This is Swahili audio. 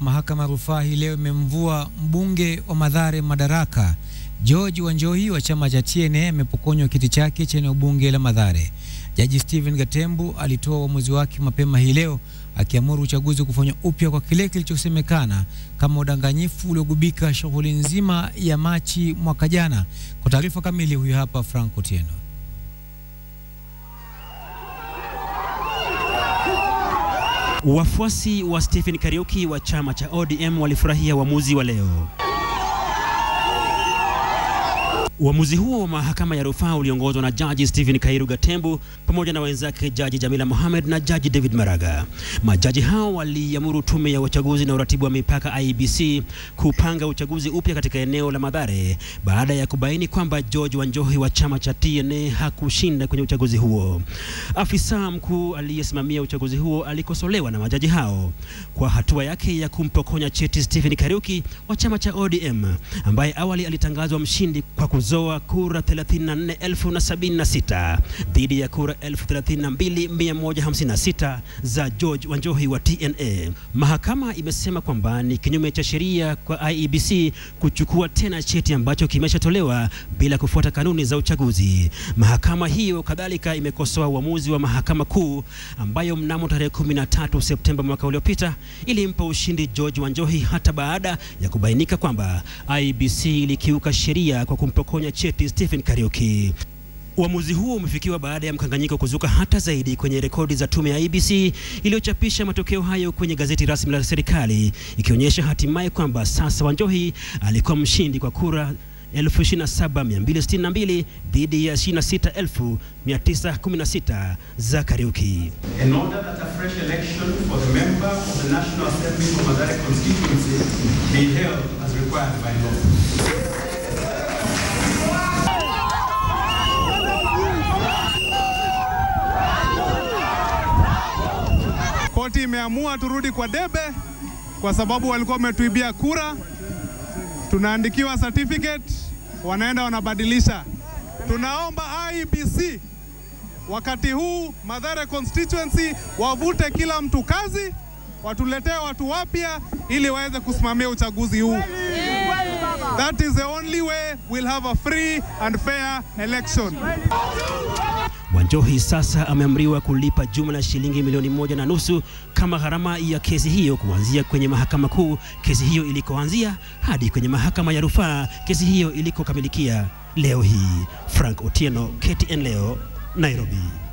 Mahakama ya rufaa hii leo imemvua mbunge wa madhare madaraka. George Wanjohi wa chama cha TNA amepokonywa kiti chake cha eneo bunge la madhare Jaji Stephen Gatembu alitoa uamuzi wake mapema hii leo akiamuru uchaguzi kufanywa upya kwa kile kilichosemekana kama udanganyifu uliogubika shughuli nzima ya Machi mwaka jana. Kwa taarifa kamili, huyu hapa Franco Tieno. Wafuasi wa Stephen Kariuki wa chama cha ODM walifurahia uamuzi wa leo. Uamuzi huo wa mahakama ya rufaa uliongozwa na jaji Stephen Kairu Gatembu pamoja na wenzake jaji Jamila Mohamed na jaji David Maraga. Majaji hao waliamuru tume ya uchaguzi na uratibu wa mipaka IEBC kupanga uchaguzi upya katika eneo la Mathare baada ya kubaini kwamba George Wanjohi wa chama cha TNA hakushinda kwenye uchaguzi huo. Afisa mkuu aliyesimamia uchaguzi huo alikosolewa na majaji hao kwa hatua yake ya kumpokonya cheti Stephen Kairuki wa chama cha ODM ambaye awali alitangazwa mshindi kwa kuzi kuzoa kura 34,076 dhidi ya kura 32,156 za George Wanjohi wa TNA. Mahakama imesema kwamba ni kinyume cha sheria kwa IEBC kuchukua tena cheti ambacho kimeshatolewa bila kufuata kanuni za uchaguzi. Mahakama hiyo kadhalika imekosoa uamuzi wa mahakama kuu ambayo mnamo tarehe 13 Septemba mwaka uliopita ilimpa ushindi George Wanjohi hata baada ya kubainika kwamba IEBC ilikiuka sheria kwa kumpokonya kupokonya cheti Stephen Kariuki. Uamuzi huo umefikiwa baada ya mkanganyiko kuzuka hata zaidi kwenye rekodi za tume ya IEBC iliyochapisha matokeo hayo kwenye gazeti rasmi la serikali, ikionyesha hatimaye kwamba sasa Wanjohi alikuwa mshindi kwa kura 27262 dhidi ya 26916 za Kariuki. In order that a fresh election for the member of the National Assembly for Mathare constituency be held as required by law. koti imeamua turudi kwa debe kwa sababu walikuwa wametuibia kura, tunaandikiwa certificate, wanaenda wanabadilisha. Tunaomba ibc wakati huu Mathare constituency wavute kila mtu kazi, watuletee watu wapya ili waweze kusimamia uchaguzi huu. That is the only way we'll have a free and fair election. Wanjohi sasa ameamriwa kulipa jumla shilingi milioni moja na nusu kama gharama ya kesi hiyo kuanzia kwenye mahakama kuu kesi hiyo ilikoanzia hadi kwenye mahakama ya rufaa kesi hiyo ilikokamilikia leo hii. Frank Otieno, KTN Leo, Nairobi.